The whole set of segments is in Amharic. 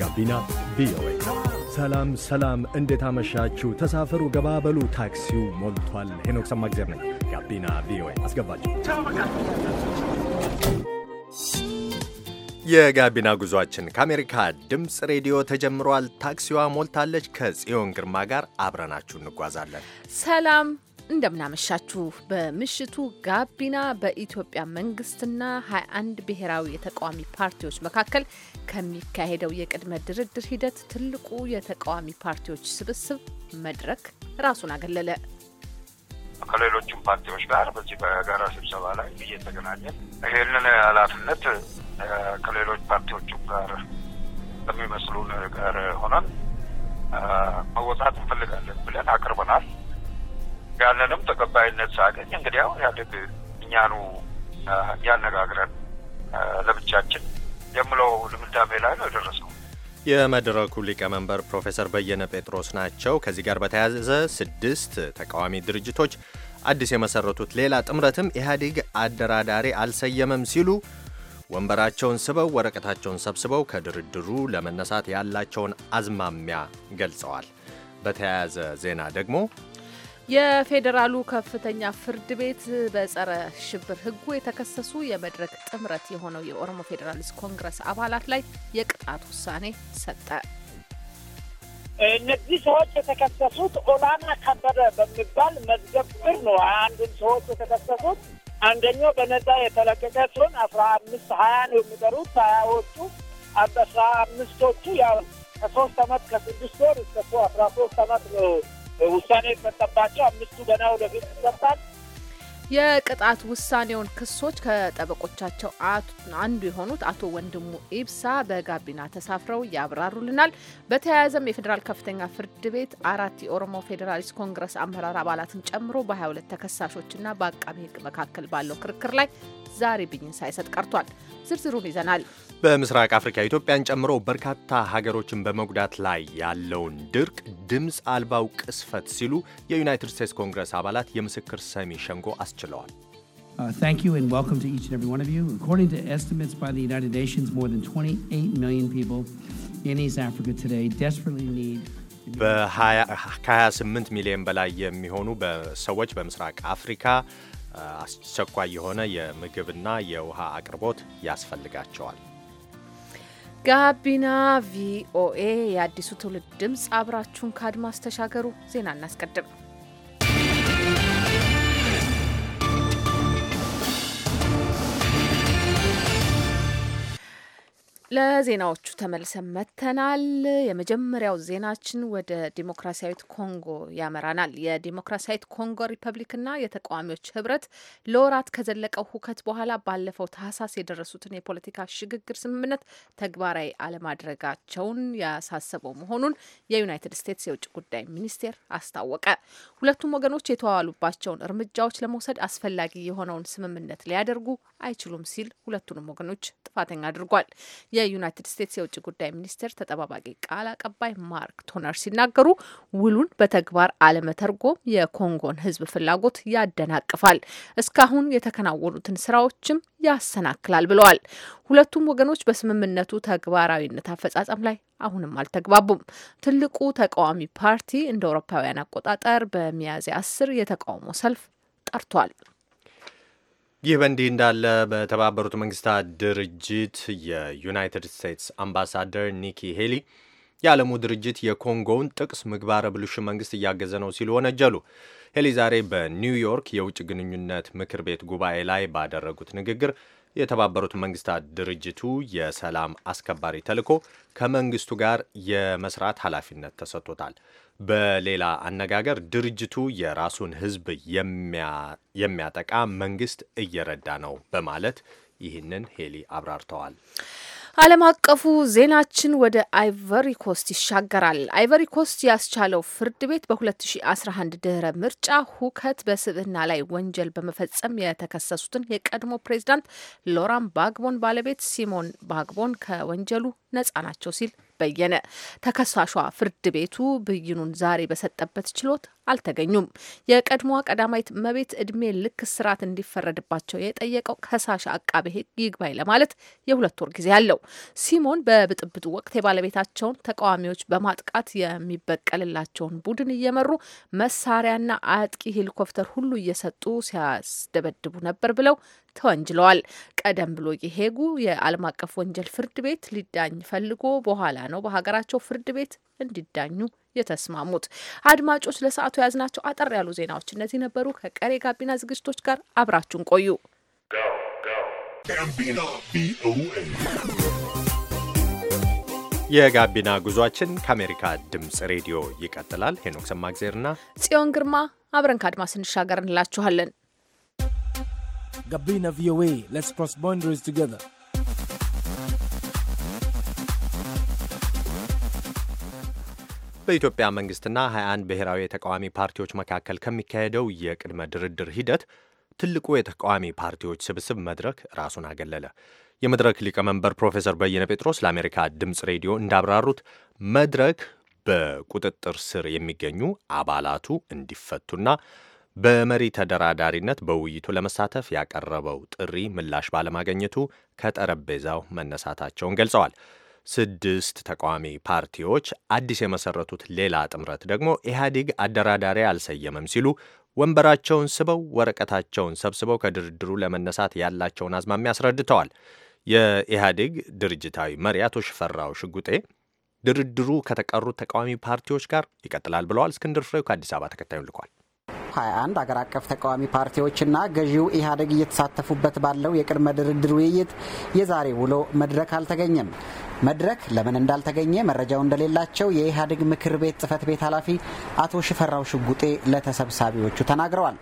ጋቢና ቪኦኤ። ሰላም ሰላም፣ እንዴት አመሻችሁ? ተሳፈሩ፣ ገባበሉ፣ ታክሲው ሞልቷል። ሄኖክ ሰማግዜር ነኝ። ጋቢና ቪኦኤ አስገባችሁ። የጋቢና ጉዟችን ከአሜሪካ ድምፅ ሬዲዮ ተጀምሯል። ታክሲዋ ሞልታለች። ከጽዮን ግርማ ጋር አብረናችሁ እንጓዛለን። ሰላም እንደምናመሻችሁ በምሽቱ ጋቢና በኢትዮጵያ መንግስትና 21 ብሔራዊ የተቃዋሚ ፓርቲዎች መካከል ከሚካሄደው የቅድመ ድርድር ሂደት ትልቁ የተቃዋሚ ፓርቲዎች ስብስብ መድረክ ራሱን አገለለ። ከሌሎችም ፓርቲዎች ጋር በዚህ በጋራ ስብሰባ ላይ እየተገናኘን ይህንን ኃላፊነት ከሌሎች ፓርቲዎችም ጋር በሚመስሉ ነገር ሆነን መወጣት እንፈልጋለን ብለን አቅርበናል። ያንንም ተቀባይነት ሳገኝ እንግዲህ አሁን ያደግ እኛኑ ያነጋግረን ለብቻችን የምለው ልምዳሜ ላይ ነው የደረሰው። የመድረኩ ሊቀመንበር ፕሮፌሰር በየነ ጴጥሮስ ናቸው። ከዚህ ጋር በተያያዘ ስድስት ተቃዋሚ ድርጅቶች አዲስ የመሰረቱት ሌላ ጥምረትም ኢህአዴግ አደራዳሪ አልሰየመም ሲሉ ወንበራቸውን ስበው ወረቀታቸውን ሰብስበው ከድርድሩ ለመነሳት ያላቸውን አዝማሚያ ገልጸዋል። በተያያዘ ዜና ደግሞ የፌዴራሉ ከፍተኛ ፍርድ ቤት በጸረ ሽብር ህጉ የተከሰሱ የመድረክ ጥምረት የሆነው የኦሮሞ ፌዴራሊስት ኮንግረስ አባላት ላይ የቅጣት ውሳኔ ሰጠ። እነዚህ ሰዎች የተከሰሱት ኦላና ከበደ በሚባል መዝገብ ስር ነው። አንዱን ሰዎች የተከሰሱት አንደኛው በነጻ የተለቀቀ ሲሆን አስራ አምስት ሀያ ነው የሚጠሩት ሀያዎቹ አስራ አምስቶቹ ያው ከሶስት አመት ከስድስት ወር እስከ አስራ ሶስት አመት ነው ውሳኔ የተሰጠባቸው አምስቱ ገና ወደፊት ይሰጣል። የቅጣት ውሳኔውን ክሶች ከጠበቆቻቸው አንዱ የሆኑት አቶ ወንድሙ ኢብሳ በጋቢና ተሳፍረው ያብራሩልናል። በተያያዘም የፌዴራል ከፍተኛ ፍርድ ቤት አራት የኦሮሞ ፌዴራሊስት ኮንግረስ አመራር አባላትን ጨምሮ በ22 ተከሳሾችና በአቃቢ ሕግ መካከል ባለው ክርክር ላይ ዛሬ ብይን ሳይሰጥ ቀርቷል። ዝርዝሩን ይዘናል። በምስራቅ አፍሪካ ኢትዮጵያን ጨምሮ በርካታ ሀገሮችን በመጉዳት ላይ ያለውን ድርቅ ድምፅ አልባው ቅስፈት ሲሉ የዩናይትድ ስቴትስ ኮንግረስ አባላት የምስክር ሰሚ ሸንጎ አስችለዋል። ከ28 uh, ሚሊዮን በላይ የሚሆኑ ሰዎች በምስራቅ አፍሪካ uh, አስቸኳይ የሆነ የምግብና የውሃ አቅርቦት ያስፈልጋቸዋል። ጋቢና ቪኦኤ የአዲሱ ትውልድ ድምፅ፣ አብራችሁን ከአድማስ ተሻገሩ። ዜና እናስቀድም። ለዜናዎቹ ተመልሰን መጥተናል። የመጀመሪያው ዜናችን ወደ ዲሞክራሲያዊት ኮንጎ ያመራናል። የዲሞክራሲያዊት ኮንጎ ሪፐብሊክና የተቃዋሚዎች ህብረት ለወራት ከዘለቀው ሁከት በኋላ ባለፈው ታህሳስ የደረሱትን የፖለቲካ ሽግግር ስምምነት ተግባራዊ አለማድረጋቸውን ያሳሰበው መሆኑን የዩናይትድ ስቴትስ የውጭ ጉዳይ ሚኒስቴር አስታወቀ። ሁለቱም ወገኖች የተዋሉባቸውን እርምጃዎች ለመውሰድ አስፈላጊ የሆነውን ስምምነት ሊያደርጉ አይችሉም ሲል ሁለቱንም ወገኖች ጥፋተኛ አድርጓል። የዩናይትድ ስቴትስ የውጭ ጉዳይ ሚኒስቴር ተጠባባቂ ቃል አቀባይ ማርክ ቶነር ሲናገሩ ውሉን በተግባር አለመተርጎም የኮንጎን ሕዝብ ፍላጎት ያደናቅፋል፣ እስካሁን የተከናወኑትን ስራዎችም ያሰናክላል ብለዋል። ሁለቱም ወገኖች በስምምነቱ ተግባራዊነት አፈጻጸም ላይ አሁንም አልተግባቡም። ትልቁ ተቃዋሚ ፓርቲ እንደ አውሮፓውያን አቆጣጠር በሚያዝያ አስር የተቃውሞ ሰልፍ ጠርቷል። ይህ በእንዲህ እንዳለ በተባበሩት መንግስታት ድርጅት የዩናይትድ ስቴትስ አምባሳደር ኒኪ ሄሊ የዓለሙ ድርጅት የኮንጎውን ጥቅስ ምግባረ ብልሹ መንግስት እያገዘ ነው ሲሉ ወነጀሉ። ሄሊ ዛሬ በኒውዮርክ የውጭ ግንኙነት ምክር ቤት ጉባኤ ላይ ባደረጉት ንግግር የተባበሩት መንግስታት ድርጅቱ የሰላም አስከባሪ ተልዕኮ ከመንግስቱ ጋር የመስራት ኃላፊነት ተሰጥቶታል። በሌላ አነጋገር ድርጅቱ የራሱን ሕዝብ የሚያጠቃ መንግስት እየረዳ ነው በማለት ይህንን ሄሊ አብራርተዋል። ዓለም አቀፉ ዜናችን ወደ አይቨሪ ኮስት ይሻገራል። አይቨሪ ኮስት ያስቻለው ፍርድ ቤት በ2011 ድህረ ምርጫ ሁከት በስብዕና ላይ ወንጀል በመፈጸም የተከሰሱትን የቀድሞ ፕሬዚዳንት ሎራን ባግቦን ባለቤት ሲሞን ባግቦን ከወንጀሉ ነጻ ናቸው ሲል በየነ። ተከሳሿ ፍርድ ቤቱ ብይኑን ዛሬ በሰጠበት ችሎት አልተገኙም። የቀድሞዋ ቀዳማዊት እመቤት እድሜ ልክ ስርዓት እንዲፈረድባቸው የጠየቀው ከሳሽ አቃቤ ሕግ ይግባኝ ለማለት የሁለት ወር ጊዜ አለው። ሲሞን በብጥብጡ ወቅት የባለቤታቸውን ተቃዋሚዎች በማጥቃት የሚበቀልላቸውን ቡድን እየመሩ መሳሪያና አጥቂ ሄሊኮፕተር ሁሉ እየሰጡ ሲያስደበድቡ ነበር ብለው ተወንጅለዋል። ቀደም ብሎ የሄጉ የዓለም አቀፍ ወንጀል ፍርድ ቤት ሊዳኝ ፈልጎ በኋላ ነው በሀገራቸው ፍርድ ቤት እንዲዳኙ የተስማሙት። አድማጮች ለሰዓቱ የያዝናቸው አጠር ያሉ ዜናዎች እነዚህ ነበሩ። ከቀሪ ጋቢና ዝግጅቶች ጋር አብራችሁን ቆዩ። የጋቢና ጉዟችን ከአሜሪካ ድምፅ ሬዲዮ ይቀጥላል። ሄኖክ ሰማግዜርና ጽዮን ግርማ አብረን ከአድማስ እንሻገር እንላችኋለን። Gabina VOA. Let's cross boundaries together. በኢትዮጵያ መንግስትና 21 ብሔራዊ የተቃዋሚ ፓርቲዎች መካከል ከሚካሄደው የቅድመ ድርድር ሂደት ትልቁ የተቃዋሚ ፓርቲዎች ስብስብ መድረክ ራሱን አገለለ። የመድረክ ሊቀመንበር ፕሮፌሰር በየነ ጴጥሮስ ለአሜሪካ ድምፅ ሬዲዮ እንዳብራሩት መድረክ በቁጥጥር ስር የሚገኙ አባላቱ እንዲፈቱና በመሪ ተደራዳሪነት በውይይቱ ለመሳተፍ ያቀረበው ጥሪ ምላሽ ባለማገኘቱ ከጠረጴዛው መነሳታቸውን ገልጸዋል። ስድስት ተቃዋሚ ፓርቲዎች አዲስ የመሰረቱት ሌላ ጥምረት ደግሞ ኢህአዲግ አደራዳሪ አልሰየመም ሲሉ ወንበራቸውን ስበው ወረቀታቸውን ሰብስበው ከድርድሩ ለመነሳት ያላቸውን አዝማሚያ አስረድተዋል። የኢህአዴግ ድርጅታዊ መሪ አቶ ሽፈራው ሽጉጤ ድርድሩ ከተቀሩት ተቃዋሚ ፓርቲዎች ጋር ይቀጥላል ብለዋል። እስክንድር ፍሬው ከአዲስ አበባ ተከታዩን ልኳል። 21 አገር አቀፍ ተቃዋሚ ፓርቲዎችና ገዢው ኢህአዴግ እየተሳተፉበት ባለው የቅድመ ድርድር ውይይት የዛሬ ውሎ መድረክ አልተገኘም። መድረክ ለምን እንዳልተገኘ መረጃው እንደሌላቸው የኢህአዴግ ምክር ቤት ጽህፈት ቤት ኃላፊ አቶ ሽፈራው ሽጉጤ ለተሰብሳቢዎቹ ተናግረዋል።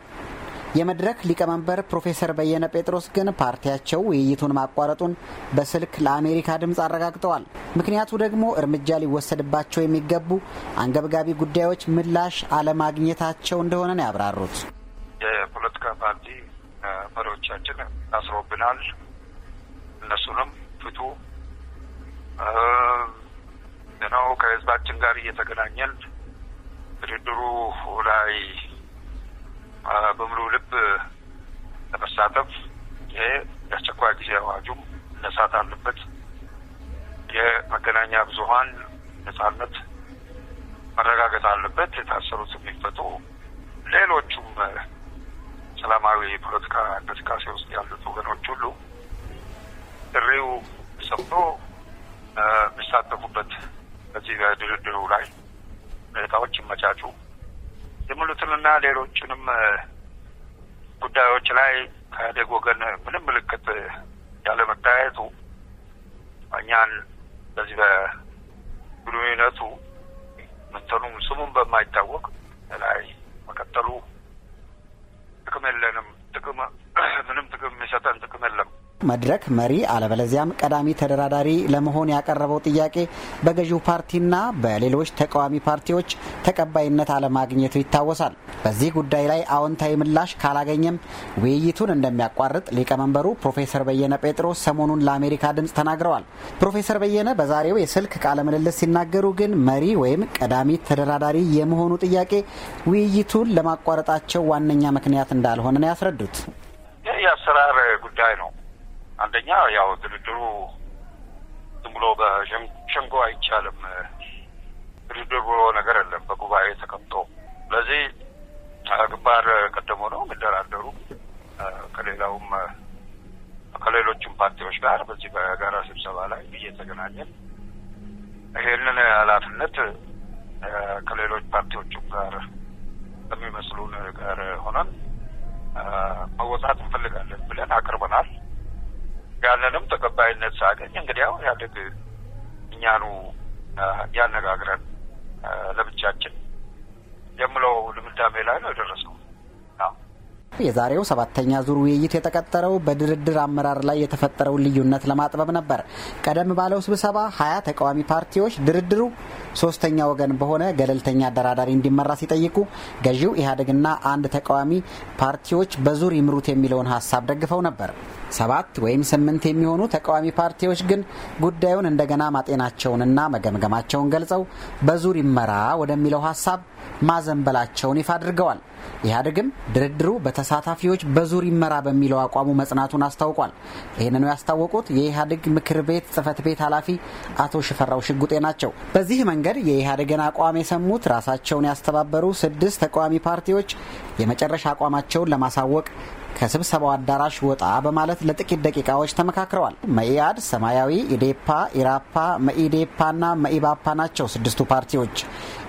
የመድረክ ሊቀመንበር ፕሮፌሰር በየነ ጴጥሮስ ግን ፓርቲያቸው ውይይቱን ማቋረጡን በስልክ ለአሜሪካ ድምፅ አረጋግጠዋል። ምክንያቱ ደግሞ እርምጃ ሊወሰድባቸው የሚገቡ አንገብጋቢ ጉዳዮች ምላሽ አለማግኘታቸው እንደሆነ ነው ያብራሩት። የፖለቲካ ፓርቲ መሪዎቻችን ታስሮብናል። እነሱንም ፍቱ ነው ከህዝባችን ጋር እየተገናኘን ድርድሩ ላይ በሙሉ ልብ ለመሳተፍ ይሄ የአስቸኳይ ጊዜ አዋጁም መነሳት አለበት። የመገናኛ ብዙኃን ነጻነት መረጋገጥ አለበት። የታሰሩት የሚፈቱ ሌሎቹም ሰላማዊ የፖለቲካ እንቅስቃሴ ውስጥ ያሉት ወገኖች ሁሉ ጥሪው ሰምቶ የሚሳተፉበት በዚህ በድርድሩ ላይ ሁኔታዎች ይመቻቹ። የምሉትንና ሌሎችንም ጉዳዮች ላይ ከኢህአዴግ ወገን ምንም ምልክት ያለመታየቱ እኛን በዚህ በግንኙነቱ ምንተኑም ስሙም በማይታወቅ ላይ መቀጠሉ ጥቅም የለንም። ጥቅም ምንም ጥቅም የሚሰጠን ጥቅም የለም። መድረክ መሪ አለበለዚያም ቀዳሚ ተደራዳሪ ለመሆን ያቀረበው ጥያቄ በገዢው ፓርቲና በሌሎች ተቃዋሚ ፓርቲዎች ተቀባይነት አለማግኘቱ ይታወሳል። በዚህ ጉዳይ ላይ አዎንታዊ ምላሽ ካላገኘም ውይይቱን እንደሚያቋርጥ ሊቀመንበሩ ፕሮፌሰር በየነ ጴጥሮስ ሰሞኑን ለአሜሪካ ድምፅ ተናግረዋል። ፕሮፌሰር በየነ በዛሬው የስልክ ቃለ ምልልስ ሲናገሩ ግን መሪ ወይም ቀዳሚ ተደራዳሪ የመሆኑ ጥያቄ ውይይቱን ለማቋረጣቸው ዋነኛ ምክንያት እንዳልሆነ ነው ያስረዱት። የአሰራር ጉዳይ ነው አንደኛ ያው ድርድሩ ዝም ብሎ በሸንጎ አይቻልም። ድርድር ብሎ ነገር የለም በጉባኤ ተቀምጦ። ስለዚህ ግንባር ቀደሞ ነው የሚደራደሩ ከሌላውም ከሌሎችም ፓርቲዎች ጋር በዚህ በጋራ ስብሰባ ላይ እየተገናኘን ይሄንን ኃላፊነት ከሌሎች ፓርቲዎችም ጋር ከሚመስሉን ጋር ሆነን መወጣት እንፈልጋለን ብለን አቅርበናል። ያንንም ተቀባይነት ሳገኝ እንግዲያው ኢህአዴግ እኛኑ ያነጋግረን ለብቻችን የምለው ድምዳሜ ላይ ነው የደረሰው። የዛሬው ሰባተኛ ዙር ውይይት የተቀጠረው በድርድር አመራር ላይ የተፈጠረውን ልዩነት ለማጥበብ ነበር። ቀደም ባለው ስብሰባ ሀያ ተቃዋሚ ፓርቲዎች ድርድሩ ሶስተኛ ወገን በሆነ ገለልተኛ አደራዳሪ እንዲመራ ሲጠይቁ ገዢው ኢህአዴግና አንድ ተቃዋሚ ፓርቲዎች በዙር ይምሩት የሚለውን ሀሳብ ደግፈው ነበር። ሰባት ወይም ስምንት የሚሆኑ ተቃዋሚ ፓርቲዎች ግን ጉዳዩን እንደገና ማጤናቸውንና መገምገማቸውን ገልጸው በዙር ይመራ ወደሚለው ሀሳብ ማዘንበላቸውን ይፋ አድርገዋል። ኢህአዴግም ድርድሩ በተሳታፊዎች በዙር ይመራ በሚለው አቋሙ መጽናቱን አስታውቋል። ይህንኑ ያስታወቁት የኢህአዴግ ምክር ቤት ጽህፈት ቤት ኃላፊ አቶ ሽፈራው ሽጉጤ ናቸው። በዚህ መንገድ የኢህአዴግን አቋም የሰሙት ራሳቸውን ያስተባበሩ ስድስት ተቃዋሚ ፓርቲዎች የመጨረሻ አቋማቸውን ለማሳወቅ ከስብሰባው አዳራሽ ወጣ በማለት ለጥቂት ደቂቃዎች ተመካክረዋል። መኢአድ፣ ሰማያዊ፣ ኢዴፓ፣ ኢራፓ፣ መኢዴፓና መኢባፓ ናቸው ስድስቱ ፓርቲዎች።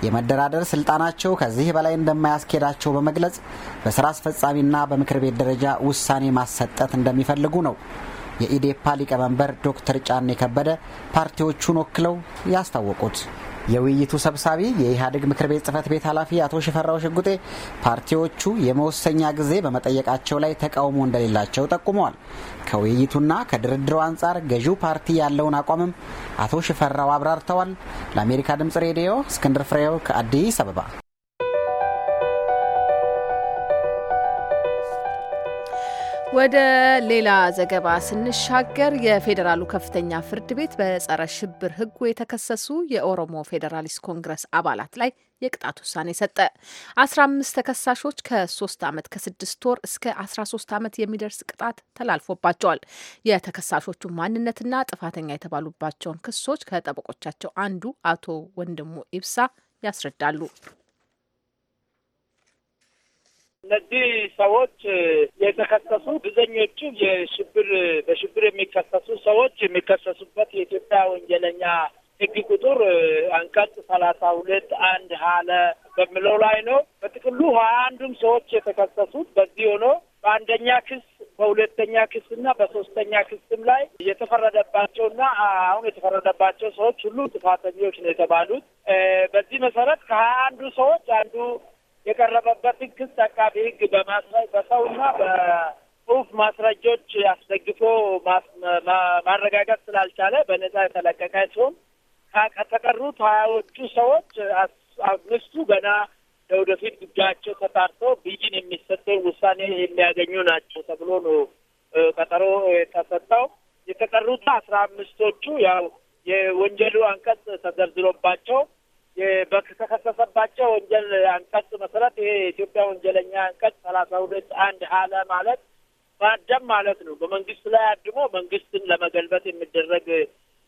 የመደራደር ስልጣናቸው ከዚህ በላይ እንደማያስኬዳቸው በመግለጽ በስራ አስፈጻሚና በምክር ቤት ደረጃ ውሳኔ ማሰጠት እንደሚፈልጉ ነው የኢዴፓ ሊቀመንበር ዶክተር ጫኔ ከበደ ፓርቲዎቹን ወክለው ያስታወቁት። የውይይቱ ሰብሳቢ የኢህአዴግ ምክር ቤት ጽህፈት ቤት ኃላፊ አቶ ሽፈራው ሽጉጤ ፓርቲዎቹ የመወሰኛ ጊዜ በመጠየቃቸው ላይ ተቃውሞ እንደሌላቸው ጠቁመዋል። ከውይይቱና ከድርድሩ አንጻር ገዢው ፓርቲ ያለውን አቋምም አቶ ሽፈራው አብራርተዋል። ለአሜሪካ ድምጽ ሬዲዮ እስክንድር ፍሬው ከአዲስ አበባ ወደ ሌላ ዘገባ ስንሻገር የፌዴራሉ ከፍተኛ ፍርድ ቤት በጸረ ሽብር ሕጉ የተከሰሱ የኦሮሞ ፌዴራሊስት ኮንግረስ አባላት ላይ የቅጣት ውሳኔ ሰጠ። አስራ አምስት ተከሳሾች ከሶስት ዓመት ከስድስት ወር እስከ አስራ ሶስት ዓመት የሚደርስ ቅጣት ተላልፎባቸዋል። የተከሳሾቹ ማንነትና ጥፋተኛ የተባሉባቸውን ክሶች ከጠበቆቻቸው አንዱ አቶ ወንድሙ ኢብሳ ያስረዳሉ። እነዚህ ሰዎች የተከሰሱ ብዙኞቹ የሽብር በሽብር የሚከሰሱ ሰዎች የሚከሰሱበት የኢትዮጵያ ወንጀለኛ ህግ ቁጥር አንቀጽ ሰላሳ ሁለት አንድ ሀለ በሚለው ላይ ነው። በጥቅሉ ሀያ አንዱም ሰዎች የተከሰሱት በዚህ ሆኖ በአንደኛ ክስ በሁለተኛ ክስ እና በሶስተኛ ክስም ላይ የተፈረደባቸው እና አሁን የተፈረደባቸው ሰዎች ሁሉ ጥፋተኞች ነው የተባሉት። በዚህ መሰረት ከሀያ አንዱ ሰዎች አንዱ የቀረበበትን ክስ አቃቢ ሕግ በማስረ በሰውና በጽሁፍ ማስረጃዎች አስደግፎ ማረጋገጥ ስላልቻለ በነጻ የተለቀቀ ሲሆን ከተቀሩት ሀያዎቹ ሰዎች አምስቱ ገና ለወደፊት ጉዳያቸው ተጣርቶ ብይን የሚሰጠው ውሳኔ የሚያገኙ ናቸው ተብሎ ነው ቀጠሮ የተሰጠው። የተቀሩት አስራ አምስቶቹ ያው የወንጀሉ አንቀጽ ተዘርዝሮባቸው በተከሰሰባቸው ወንጀል አንቀጽ መሰረት ይሄ የኢትዮጵያ ወንጀለኛ አንቀጽ ሰላሳ ሁለት አንድ አለ ማለት ማደም ማለት ነው። በመንግስት ላይ አድሞ መንግስትን ለመገልበጥ የሚደረግ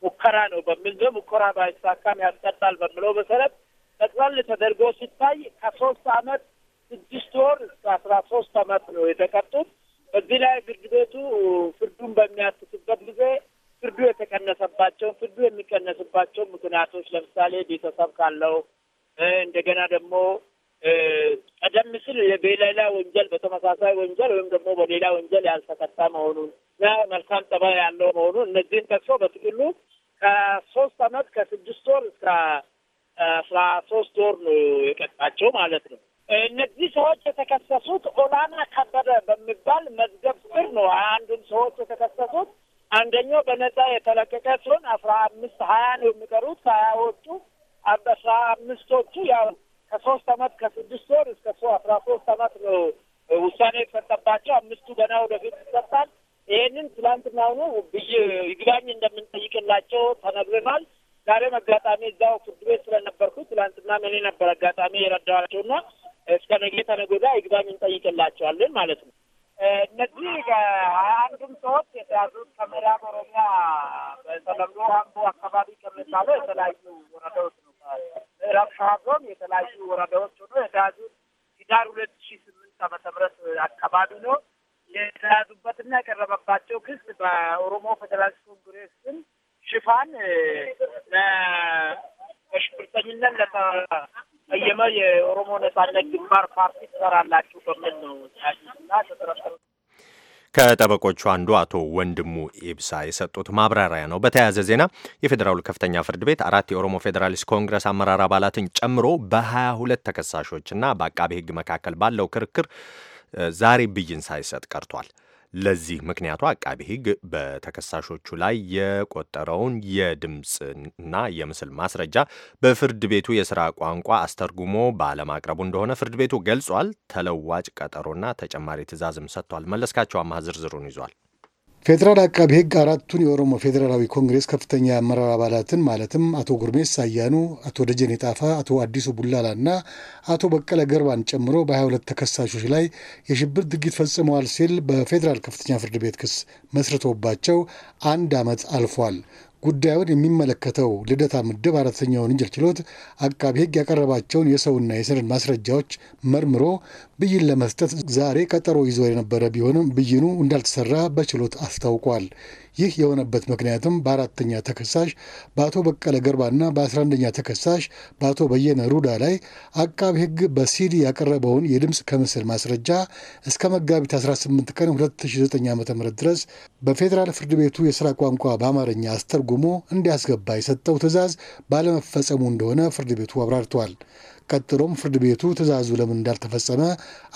ሙከራ ነው በሚል ግን ሙከራ ባይሳካም ያስቀጣል በሚለው መሰረት ጠቅለል ተደርጎ ሲታይ ከሶስት አመት ስድስት ወር አስራ ሶስት አመት ነው የተቀጡት። በዚህ ላይ ፍርድ ቤቱ ፍርዱን በሚያስስበት ጊዜ ፍርዱ የተቀነሰባቸው ፍርዱ የሚቀነስባቸው ምክንያቶች ለምሳሌ ቤተሰብ ካለው እንደገና ደግሞ ቀደም ሲል በሌላ ወንጀል በተመሳሳይ ወንጀል ወይም ደግሞ በሌላ ወንጀል ያልተቀጣ መሆኑን እና መልካም ጠባይ ያለው መሆኑን እነዚህን ጠቅሶ በጥቅሉ ከሶስት አመት ከስድስት ወር እስከ አስራ ሶስት ወር ነው የቀጣቸው ማለት ነው። እነዚህ ሰዎች የተከሰሱት ኦላና ከበደ በሚባል መዝገብ ስር ነው። አንዱን ሰዎች የተከሰሱት አንደኛው በነጻ የተለቀቀ ሲሆን አስራ አምስት ሀያ ነው የሚቀሩት። ሀያዎቹ አስራ አምስቶቹ ያው ከሶስት አመት ከስድስት ወር እስከ ሶ አስራ ሶስት አመት ነው ውሳኔ የተሰጠባቸው። አምስቱ ገና ወደፊት ይሰጣል። ይህንን ትላንትና ሆኖ ብይ ይግባኝ እንደምንጠይቅላቸው ተነግረናል። ዛሬም አጋጣሚ እዛው ፍርድ ቤት ስለነበርኩ ትላንትና ምን ነበር አጋጣሚ የረዳዋቸውና እስከ ነገ ተነገ ወዲያ ይግባኝ እንጠይቅላቸዋለን ማለት ነው። እነዚህ ሀያ አንዱም ሰዎች የተያዙት ከምዕራብ ኦሮሚያ በተለምዶ አምቦ አካባቢ ከሚባለው የተለያዩ ወረዳዎች ነው። ምዕራብ ሸዋ ዞን የተለያዩ ወረዳዎች ሆኖ የተያዙት ህዳር ሁለት ሺ ስምንት ዓመተ ምህረት አካባቢ ነው። የተያዙበትና የቀረበባቸው ክስ በኦሮሞ ፌዴራሊስት ኮንግሬስ ስም ሽፋን ለሽብርተኝነት ለተ በየመ የኦሮሞ ነጻነት ግንባር ፓርቲ ትሰራላችሁ በምን ነው ከጠበቆቹ አንዱ አቶ ወንድሙ ኢብሳ የሰጡት ማብራሪያ ነው። በተያያዘ ዜና የፌዴራሉ ከፍተኛ ፍርድ ቤት አራት የኦሮሞ ፌዴራሊስት ኮንግረስ አመራር አባላትን ጨምሮ በ22 ተከሳሾችና በአቃቤ ሕግ መካከል ባለው ክርክር ዛሬ ብይን ሳይሰጥ ቀርቷል። ለዚህ ምክንያቱ አቃቢ ሕግ በተከሳሾቹ ላይ የቆጠረውን የድምፅና የምስል ማስረጃ በፍርድ ቤቱ የስራ ቋንቋ አስተርጉሞ ባለማቅረቡ እንደሆነ ፍርድ ቤቱ ገልጿል። ተለዋጭ ቀጠሮና ተጨማሪ ትዕዛዝም ሰጥቷል። መለስካቸው አማህ ዝርዝሩን ይዟል። ፌዴራል አቃቢ ህግ አራቱን የኦሮሞ ፌዴራላዊ ኮንግሬስ ከፍተኛ የአመራር አባላትን ማለትም አቶ ጉርሜስ ሳያኑ አቶ ደጀኔ ጣፋ፣ አቶ አዲሱ ቡላላና አቶ በቀለ ገርባን ጨምሮ በ22 ተከሳሾች ላይ የሽብር ድርጊት ፈጽመዋል ሲል በፌዴራል ከፍተኛ ፍርድ ቤት ክስ መስርቶባቸው አንድ ዓመት አልፏል። ጉዳዩን የሚመለከተው ልደታ ምድብ አራተኛ ወንጀል ችሎት አቃቢ ሕግ ያቀረባቸውን የሰውና የሰነድ ማስረጃዎች መርምሮ ብይን ለመስጠት ዛሬ ቀጠሮ ይዞ የነበረ ቢሆንም ብይኑ እንዳልተሰራ በችሎት አስታውቋል። ይህ የሆነበት ምክንያትም በአራተኛ ተከሳሽ በአቶ በቀለ ገርባና በ11ኛ ተከሳሽ በአቶ በየነ ሩዳ ላይ አቃቢ ሕግ በሲዲ ያቀረበውን የድምፅ ከምስል ማስረጃ እስከ መጋቢት 18 ቀን 2009 ዓ ም ድረስ በፌዴራል ፍርድ ቤቱ የሥራ ቋንቋ በአማርኛ አስተርጉሞ እንዲያስገባ የሰጠው ትዕዛዝ ባለመፈጸሙ እንደሆነ ፍርድ ቤቱ አብራርተዋል። ቀጥሎም ፍርድ ቤቱ ትዕዛዙ ለምን እንዳልተፈጸመ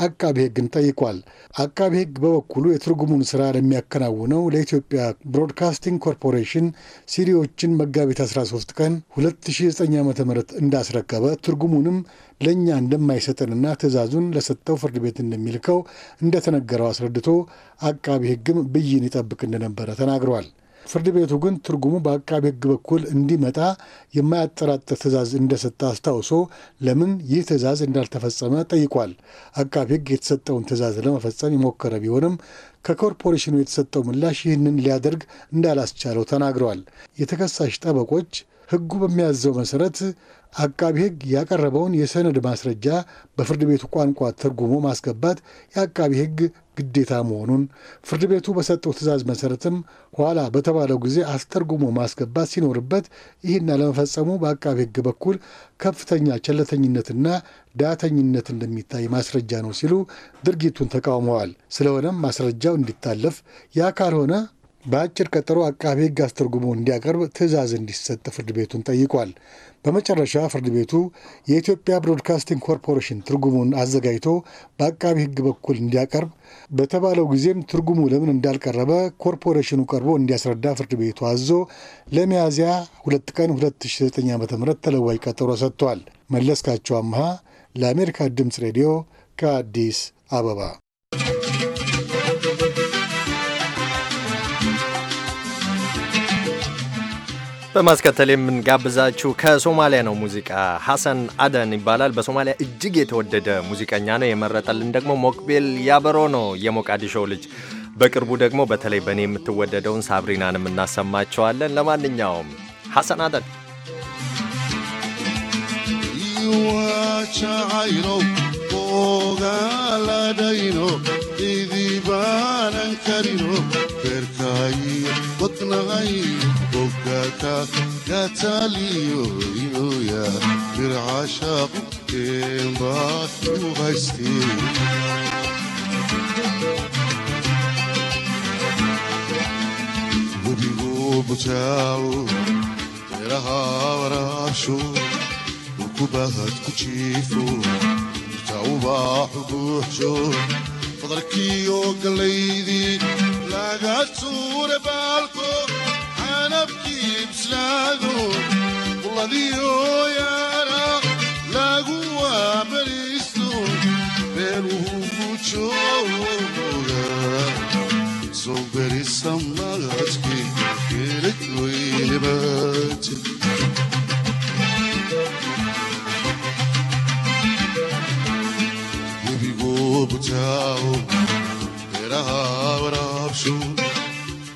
አቃቢ ሕግን ጠይቋል። አቃቢ ሕግ በበኩሉ የትርጉሙን ስራ ለሚያከናውነው ለኢትዮጵያ ብሮድካስቲንግ ኮርፖሬሽን ሲዲዎችን መጋቢት 13 ቀን 2009 ዓ ም እንዳስረከበ ትርጉሙንም ለእኛ እንደማይሰጠንና ትዕዛዙን ለሰጠው ፍርድ ቤት እንደሚልከው እንደተነገረው አስረድቶ አቃቢ ሕግም ብይን ይጠብቅ እንደነበረ ተናግሯል። ፍርድ ቤቱ ግን ትርጉሙ በአቃቤ ሕግ በኩል እንዲመጣ የማያጠራጥር ትዕዛዝ እንደሰጠ አስታውሶ ለምን ይህ ትዕዛዝ እንዳልተፈጸመ ጠይቋል። አቃቤ ሕግ የተሰጠውን ትዕዛዝ ለመፈጸም የሞከረ ቢሆንም ከኮርፖሬሽኑ የተሰጠው ምላሽ ይህንን ሊያደርግ እንዳላስቻለው ተናግረዋል። የተከሳሽ ጠበቆች ሕጉ በሚያዘው መሠረት አቃቢ ሕግ ያቀረበውን የሰነድ ማስረጃ በፍርድ ቤቱ ቋንቋ ትርጉሙ ማስገባት የአቃቢ ሕግ ግዴታ መሆኑን ፍርድ ቤቱ በሰጠው ትዕዛዝ መሰረትም ኋላ በተባለው ጊዜ አስተርጉሞ ማስገባት ሲኖርበት ይህን አለመፈጸሙ በአቃቤ ሕግ በኩል ከፍተኛ ቸለተኝነትና ዳተኝነት እንደሚታይ ማስረጃ ነው ሲሉ ድርጊቱን ተቃውመዋል። ስለሆነም ማስረጃው እንዲታለፍ ያ ካልሆነ በአጭር ቀጠሮ አቃቢ ሕግ አስተርጉሞ እንዲያቀርብ ትዕዛዝ እንዲሰጥ ፍርድ ቤቱን ጠይቋል። በመጨረሻ ፍርድ ቤቱ የኢትዮጵያ ብሮድካስቲንግ ኮርፖሬሽን ትርጉሙን አዘጋጅቶ በአቃቢ ሕግ በኩል እንዲያቀርብ በተባለው ጊዜም ትርጉሙ ለምን እንዳልቀረበ ኮርፖሬሽኑ ቀርቦ እንዲያስረዳ ፍርድ ቤቱ አዞ ለሚያዝያ ሁለት ቀን 2009 ዓ ም ተለዋጭ ቀጠሮ ሰጥቷል። መለስካቸው አምሃ ለአሜሪካ ድምፅ ሬዲዮ ከአዲስ አበባ በማስከተል የምንጋብዛችሁ ከሶማሊያ ነው ሙዚቃ ሐሰን አደን ይባላል። በሶማሊያ እጅግ የተወደደ ሙዚቀኛ ነው። የመረጠልን ደግሞ ሞክቤል ያበሮ ነው የሞቃዲሾ ልጅ። በቅርቡ ደግሞ በተለይ በእኔ የምትወደደውን ሳብሪናንም እናሰማቸዋለን። ለማንኛውም ሐሰን አደን ይዋቻይነው ቦጋላዳይኖ يا قتالي يا bir aşık en başı kaçtı Gubi gubu çavu Teraha varapşu Ukubahat kuchifu Tauba hubuhşu Fadarki o galeydi Lagat surep snado pola dio yara lagua meristo pelo rucho so very some malaski kere kuibat Ibi gobu tao Era abrapsu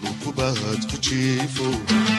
Ukubat kuchifu Ibi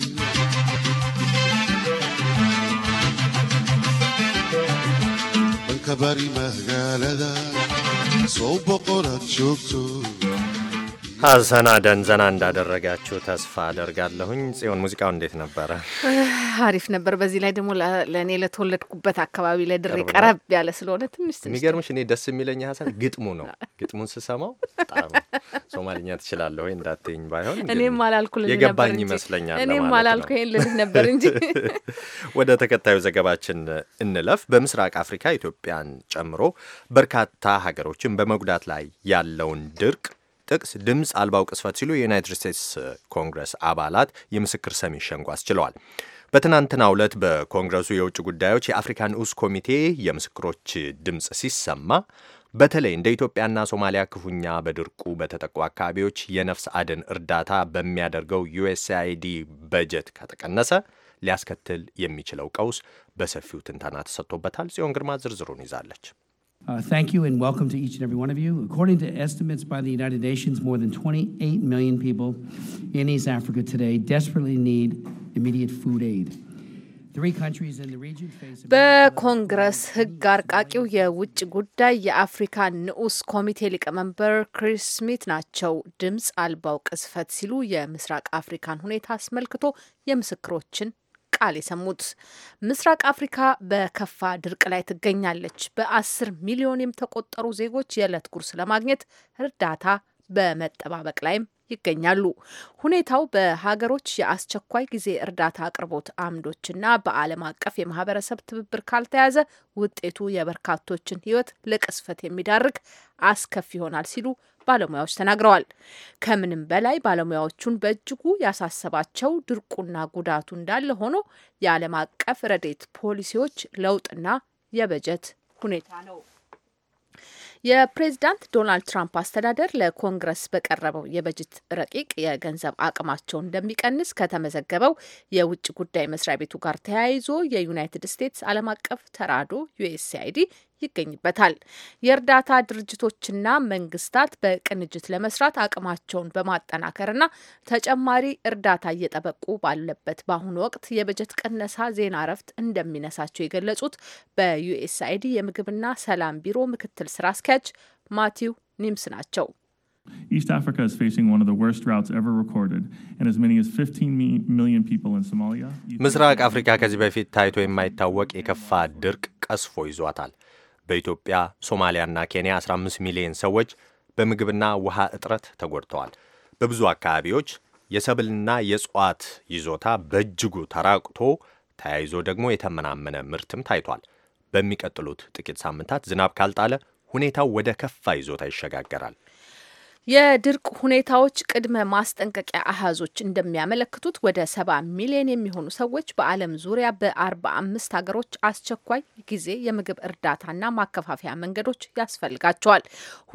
ka bari magaalada ደንዘና እንዳደረጋችሁ ተስፋ አደርጋለሁኝ። ጽዮን ሙዚቃው እንዴት ነበረ? አሪፍ ነበር። በዚህ ላይ ደግሞ ለእኔ ለተወለድኩበት አካባቢ ለድሬ ቀረብ ያለ ስለሆነ ትንሽ የሚገርምሽ እኔ ደስ የሚለኝ ሀሰን ግጥሙ ነው። ግጥሙን ስሰማው በጣም ሶማሊኛ ትችላለሁ ወይ እንዳትኝ ባይሆን እኔም አላልኩ የገባኝ ይመስለኛል። እኔም አላልኩ ልልህ ነበር እንጂ። ወደ ተከታዩ ዘገባችን እንለፍ። በምስራቅ አፍሪካ ኢትዮጵያን ጨምሮ በርካታ ሀገሮችን በመጉዳት ላይ ያለውን ድርቅ ጥቅስ ድምፅ አልባው ቅስፈት ሲሉ የዩናይትድ ስቴትስ ኮንግረስ አባላት የምስክር ሰሚ ሸንጎ አስችለዋል። በትናንትናው ዕለት በኮንግረሱ የውጭ ጉዳዮች የአፍሪካ ንዑስ ኮሚቴ የምስክሮች ድምፅ ሲሰማ በተለይ እንደ ኢትዮጵያና ሶማሊያ ክፉኛ በድርቁ በተጠቁ አካባቢዎች የነፍስ አድን እርዳታ በሚያደርገው ዩኤስአይዲ በጀት ከተቀነሰ ሊያስከትል የሚችለው ቀውስ በሰፊው ትንተና ተሰጥቶበታል። ጽዮን ግርማ ዝርዝሩን ይዛለች። Thank you and welcome to each and every one of you. According to estimates by the United Nations, more than 28 million people in East Africa today desperately need immediate food aid. በኮንግረስ ሕግ አርቃቂው የውጭ ጉዳይ የአፍሪካ ንዑስ ኮሚቴ ሊቀመንበር ክሪስ ስሚት ናቸው። ድምፅ አልባው ቅስፈት ሲሉ የምስራቅ አፍሪካን ሁኔታ አስመልክቶ የምስክሮችን ቃል የሰሙት ምስራቅ አፍሪካ በከፋ ድርቅ ላይ ትገኛለች። በአስር ሚሊዮን የሚተቆጠሩ ዜጎች የዕለት ጉርስ ለማግኘት እርዳታ በመጠባበቅ ላይም ይገኛሉ። ሁኔታው በሀገሮች የአስቸኳይ ጊዜ እርዳታ አቅርቦት አምዶችና በዓለም አቀፍ የማህበረሰብ ትብብር ካልተያዘ ውጤቱ የበርካቶችን ሕይወት ለቅስፈት የሚዳርግ አስከፊ ይሆናል ሲሉ ባለሙያዎች ተናግረዋል። ከምንም በላይ ባለሙያዎቹን በእጅጉ ያሳሰባቸው ድርቁና ጉዳቱ እንዳለ ሆኖ የዓለም አቀፍ ረዴት ፖሊሲዎች ለውጥና የበጀት ሁኔታ ነው። የፕሬዝዳንት ዶናልድ ትራምፕ አስተዳደር ለኮንግረስ በቀረበው የበጀት ረቂቅ የገንዘብ አቅማቸውን እንደሚቀንስ ከተመዘገበው የውጭ ጉዳይ መስሪያ ቤቱ ጋር ተያይዞ የዩናይትድ ስቴትስ ዓለም አቀፍ ተራዶ ዩኤስአይዲ ይገኝበታል። የእርዳታ ድርጅቶችና መንግስታት በቅንጅት ለመስራት አቅማቸውን በማጠናከርና ተጨማሪ እርዳታ እየጠበቁ ባለበት በአሁኑ ወቅት የበጀት ቅነሳ ዜና እረፍት እንደሚነሳቸው የገለጹት በዩኤስአይዲ የምግብና ሰላም ቢሮ ምክትል ስራ አስኪያጅ ማቲው ኒምስ ናቸው። ምስራቅ አፍሪካ ከዚህ በፊት ታይቶ የማይታወቅ የከፋ ድርቅ ቀስፎ ይዟታል። በኢትዮጵያ ሶማሊያና ኬንያ 15 ሚሊዮን ሰዎች በምግብና ውሃ እጥረት ተጎድተዋል። በብዙ አካባቢዎች የሰብልና የእጽዋት ይዞታ በእጅጉ ተራቅቶ ተያይዞ ደግሞ የተመናመነ ምርትም ታይቷል። በሚቀጥሉት ጥቂት ሳምንታት ዝናብ ካልጣለ ሁኔታው ወደ ከፋ ይዞታ ይሸጋገራል። የድርቅ ሁኔታዎች ቅድመ ማስጠንቀቂያ አሃዞች እንደሚያመለክቱት ወደ ሰባ ሚሊዮን የሚሆኑ ሰዎች በዓለም ዙሪያ በአርባ አምስት ሀገሮች አስቸኳይ ጊዜ የምግብ እርዳታና ማከፋፈያ መንገዶች ያስፈልጋቸዋል።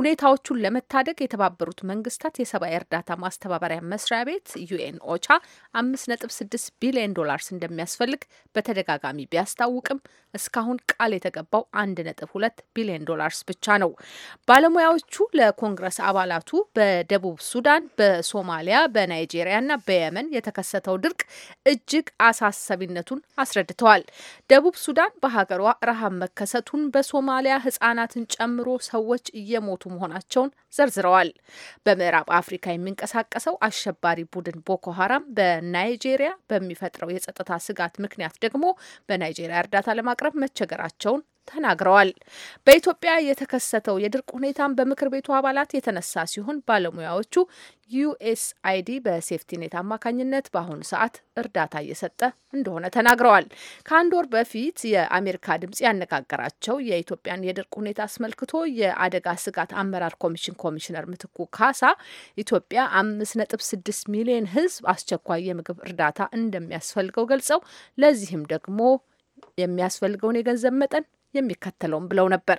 ሁኔታዎቹን ለመታደግ የተባበሩት መንግስታት የሰብአዊ እርዳታ ማስተባበሪያ መስሪያ ቤት ዩኤን ኦቻ አምስት ነጥብ ስድስት ቢሊዮን ዶላርስ እንደሚያስፈልግ በተደጋጋሚ ቢያስታውቅም እስካሁን ቃል የተገባው አንድ ነጥብ ሁለት ቢሊዮን ዶላርስ ብቻ ነው። ባለሙያዎቹ ለኮንግረስ አባላቱ በደቡብ ሱዳን፣ በሶማሊያ፣ በናይጄሪያ ና በየመን የተከሰተው ድርቅ እጅግ አሳሳቢነቱን አስረድተዋል። ደቡብ ሱዳን በሀገሯ ረሃብ መከሰቱን፣ በሶማሊያ ህጻናትን ጨምሮ ሰዎች እየሞቱ መሆናቸውን ዘርዝረዋል። በምዕራብ አፍሪካ የሚንቀሳቀሰው አሸባሪ ቡድን ቦኮ ሀራም በናይጄሪያ በሚፈጥረው የጸጥታ ስጋት ምክንያት ደግሞ በናይጄሪያ እርዳታ ለማቅረብ መቸገራቸውን ተናግረዋል። በኢትዮጵያ የተከሰተው የድርቅ ሁኔታን በምክር ቤቱ አባላት የተነሳ ሲሆን ባለሙያዎቹ ዩኤስአይዲ በሴፍቲኔት አማካኝነት በአሁኑ ሰዓት እርዳታ እየሰጠ እንደሆነ ተናግረዋል። ከአንድ ወር በፊት የአሜሪካ ድምጽ ያነጋገራቸው የኢትዮጵያን የድርቅ ሁኔታ አስመልክቶ የአደጋ ስጋት አመራር ኮሚሽን ኮሚሽነር ምትኩ ካሳ ኢትዮጵያ አምስት ነጥብ ስድስት ሚሊዮን ሕዝብ አስቸኳይ የምግብ እርዳታ እንደሚያስፈልገው ገልጸው ለዚህም ደግሞ የሚያስፈልገውን የገንዘብ መጠን የሚከተለውም ብለው ነበር።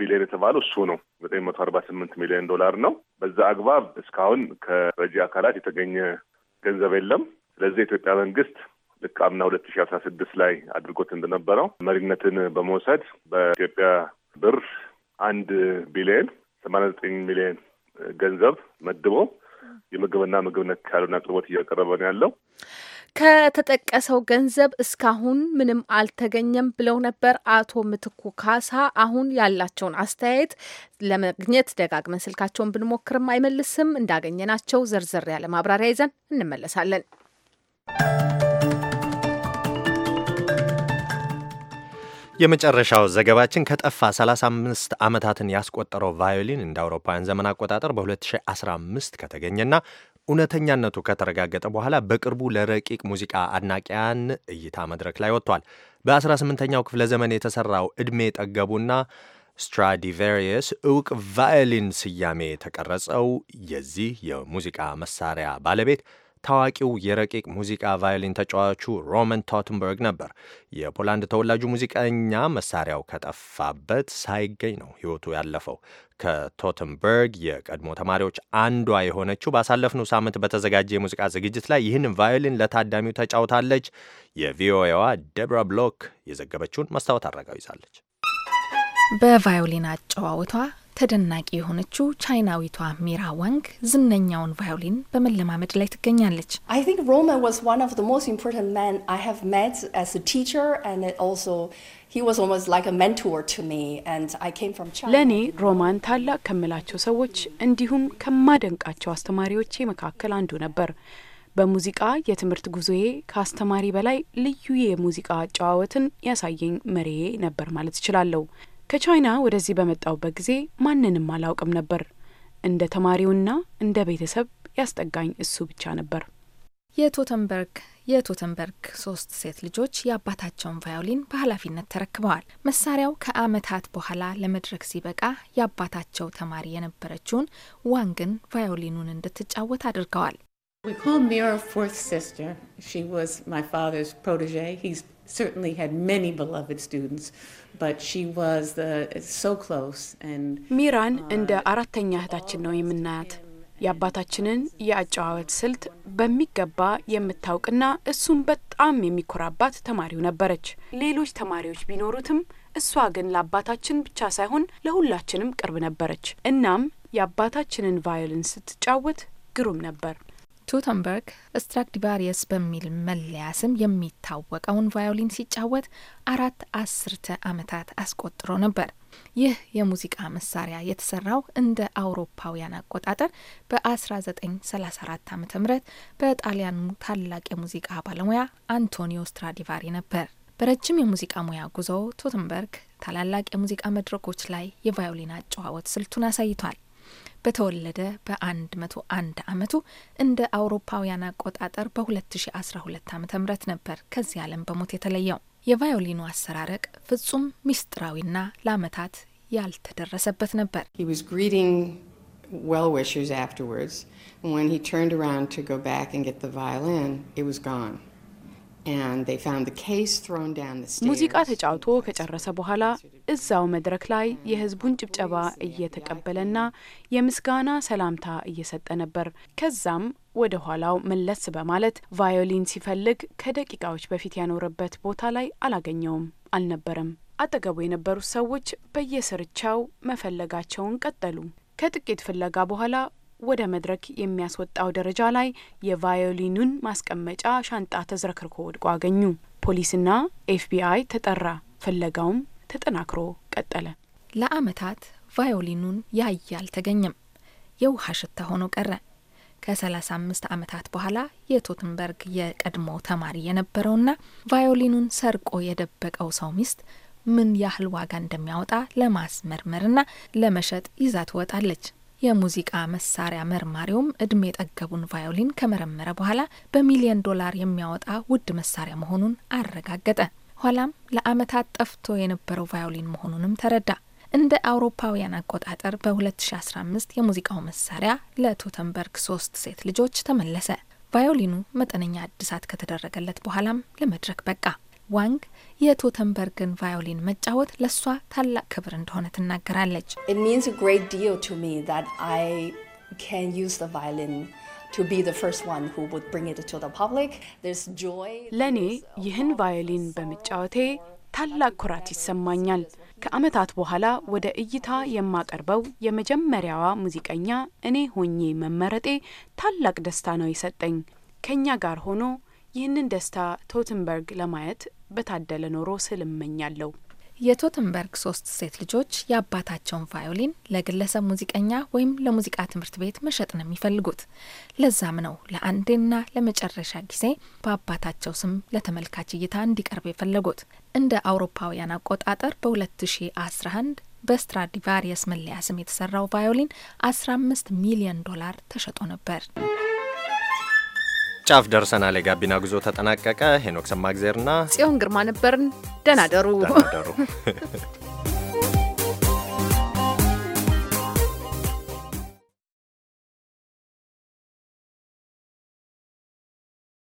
ቢሊዮን የተባለው እሱ ነው። ዘጠኝ መቶ አርባ ስምንት ሚሊዮን ዶላር ነው። በዛ አግባብ እስካሁን ከረጂ አካላት የተገኘ ገንዘብ የለም። ስለዚህ የኢትዮጵያ መንግስት ልክ አምና ሁለት ሺ አስራ ስድስት ላይ አድርጎት እንደነበረው መሪነትን በመውሰድ በኢትዮጵያ ብር አንድ ቢሊየን ሰማንያ ዘጠኝ ሚሊዮን ገንዘብ መድቦ የምግብና ምግብ ነክ ያልሆነ አቅርቦት እያቀረበ ነው ያለው። ከተጠቀሰው ገንዘብ እስካሁን ምንም አልተገኘም ብለው ነበር አቶ ምትኩ ካሳ። አሁን ያላቸውን አስተያየት ለመግኘት ደጋግመን ስልካቸውን ብንሞክርም አይመልስም። እንዳገኘናቸው ዘርዘር ያለ ማብራሪያ ይዘን እንመለሳለን። የመጨረሻው ዘገባችን ከጠፋ 35 ዓመታትን ያስቆጠረው ቫዮሊን እንደ አውሮፓውያን ዘመን አቆጣጠር በ2015 ከተገኘና እውነተኛነቱ ከተረጋገጠ በኋላ በቅርቡ ለረቂቅ ሙዚቃ አድናቂያን እይታ መድረክ ላይ ወጥቷል። በ18ኛው ክፍለ ዘመን የተሰራው ዕድሜ ጠገቡና ስትራዲቬሪየስ እውቅ ቫዮሊን ስያሜ የተቀረጸው የዚህ የሙዚቃ መሳሪያ ባለቤት ታዋቂው የረቂቅ ሙዚቃ ቫዮሊን ተጫዋቹ ሮመን ቶትንበርግ ነበር። የፖላንድ ተወላጁ ሙዚቀኛ መሳሪያው ከጠፋበት ሳይገኝ ነው ሕይወቱ ያለፈው። ከቶትንበርግ የቀድሞ ተማሪዎች አንዷ የሆነችው ባሳለፍነው ሳምንት በተዘጋጀ የሙዚቃ ዝግጅት ላይ ይህንን ቫዮሊን ለታዳሚው ተጫውታለች። የቪኦኤዋ ደብራ ብሎክ የዘገበችውን መስታወት አረጋው ይዛለች። በቫዮሊን አጨዋወቷ ተደናቂ የሆነችው ቻይናዊቷ ሚራ ዋንግ ዝነኛውን ቫዮሊን በመለማመድ ላይ ትገኛለች። ለእኔ ሮማን ታላቅ ከምላቸው ሰዎች እንዲሁም ከማደንቃቸው አስተማሪዎቼ መካከል አንዱ ነበር። በሙዚቃ የትምህርት ጉዞዬ ከአስተማሪ በላይ ልዩ የሙዚቃ አጨዋወትን ያሳየኝ መሪዬ ነበር ማለት እችላለሁ። ከቻይና ወደዚህ በመጣሁበት ጊዜ ማንንም አላውቅም ነበር። እንደ ተማሪውና እንደ ቤተሰብ ያስጠጋኝ እሱ ብቻ ነበር። የቶተንበርግ የቶተንበርግ ሶስት ሴት ልጆች የአባታቸውን ቫዮሊን በኃላፊነት ተረክበዋል። መሳሪያው ከዓመታት በኋላ ለመድረክ ሲበቃ የአባታቸው ተማሪ የነበረችውን ዋንግን ቫዮሊኑን እንድትጫወት አድርገዋል። We called Mira fourth sister. She was my father's protege. He's certainly had many beloved students, but she was the, uh, so close and ሚራን uh, እንደ አራተኛ እህታችን ነው የምናያት። የአባታችንን የአጨዋወት ስልት በሚገባ የምታውቅና እሱም በጣም የሚኮራባት ተማሪው ነበረች። ሌሎች ተማሪዎች ቢኖሩትም እሷ ግን ለአባታችን ብቻ ሳይሆን ለሁላችንም ቅርብ ነበረች። እናም የአባታችንን ቫዮሊን ስትጫወት ግሩም ነበር። ቱተንበርግ ስትራክዲቫሪየስ በሚል መለያ ስም የሚታወቀውን ቫዮሊን ሲጫወት አራት አስርተ ዓመታት አስቆጥሮ ነበር። ይህ የሙዚቃ መሳሪያ የተሰራው እንደ አውሮፓውያን አቆጣጠር በ1934 ዓ ም በጣሊያኑ ታላቅ የሙዚቃ ባለሙያ አንቶኒዮ ስትራዲቫሪ ነበር። በረጅም የሙዚቃ ሙያ ጉዞ ቱተንበርግ ታላላቅ የሙዚቃ መድረኮች ላይ የቫዮሊን አጨዋወት ስልቱን አሳይቷል። በተወለደ በ101 ዓመቱ እንደ አውሮፓውያን አቆጣጠር በ2012 ዓ ም ነበር ከዚህ ዓለም በሞት የተለየው። የቫዮሊኑ አሰራረቅ ፍጹም ሚስጥራዊና ለአመታት ያልተደረሰበት ነበር። well wishers afterwards and when he turned around to go back and get the violin it was gone ሙዚቃ ተጫውቶ ከጨረሰ በኋላ እዛው መድረክ ላይ የህዝቡን ጭብጨባ እየተቀበለና የምስጋና ሰላምታ እየሰጠ ነበር። ከዛም ወደ ኋላው መለስ በማለት ቫዮሊን ሲፈልግ ከደቂቃዎች በፊት ያኖረበት ቦታ ላይ አላገኘውም አልነበረም። አጠገቡ የነበሩት ሰዎች በየስርቻው መፈለጋቸውን ቀጠሉ። ከጥቂት ፍለጋ በኋላ ወደ መድረክ የሚያስወጣው ደረጃ ላይ የቫዮሊኑን ማስቀመጫ ሻንጣ ተዝረክርኮ ወድቆ አገኙ። ፖሊስና ኤፍቢአይ ተጠራ። ፍለጋውም ተጠናክሮ ቀጠለ። ለአመታት ቫዮሊኑን ያየ አልተገኘም። የውሃ ሽታ ሆኖ ቀረ። ከ35 ዓመታት በኋላ የቶትንበርግ የቀድሞ ተማሪ የነበረውና ቫዮሊኑን ሰርቆ የደበቀው ሰው ሚስት ምን ያህል ዋጋ እንደሚያወጣ ለማስመርመርና ለመሸጥ ይዛ ትወጣለች። የሙዚቃ መሳሪያ መርማሪውም እድሜ የጠገቡን ቫዮሊን ከመረመረ በኋላ በሚሊዮን ዶላር የሚያወጣ ውድ መሳሪያ መሆኑን አረጋገጠ። ኋላም ለአመታት ጠፍቶ የነበረው ቫዮሊን መሆኑንም ተረዳ። እንደ አውሮፓውያን አቆጣጠር በ2015 የሙዚቃው መሳሪያ ለቶተንበርግ ሶስት ሴት ልጆች ተመለሰ። ቫዮሊኑ መጠነኛ እድሳት ከተደረገለት በኋላም ለመድረክ በቃ። ዋንግ የቶተንበርግን ቫዮሊን መጫወት ለእሷ ታላቅ ክብር እንደሆነ ትናገራለች። ለእኔ ይህን ቫዮሊን በመጫወቴ ታላቅ ኩራት ይሰማኛል። ከዓመታት በኋላ ወደ እይታ የማቀርበው የመጀመሪያዋ ሙዚቀኛ እኔ ሆኜ መመረጤ ታላቅ ደስታ ነው የሰጠኝ። ከእኛ ጋር ሆኖ ይህንን ደስታ ቶትንበርግ ለማየት በታደለ ኖሮ ስልመኛለሁ። የቶተንበርግ ሶስት ሴት ልጆች የአባታቸውን ቫዮሊን ለግለሰብ ሙዚቀኛ ወይም ለሙዚቃ ትምህርት ቤት መሸጥ ነው የሚፈልጉት። ለዛም ነው ለአንዴና ለመጨረሻ ጊዜ በአባታቸው ስም ለተመልካች እይታ እንዲቀርብ የፈለጉት። እንደ አውሮፓውያን አቆጣጠር በ2011 በስትራዲቫሪየስ መለያ ስም የተሰራው ቫዮሊን 15 ሚሊዮን ዶላር ተሸጦ ነበር። ጫፍ ደርሰናል። የጋቢና ጉዞ ተጠናቀቀ። ሄኖክ ሰማግዜርና ጽዮን ግርማ ነበርን። ደናደሩ ደናደሩ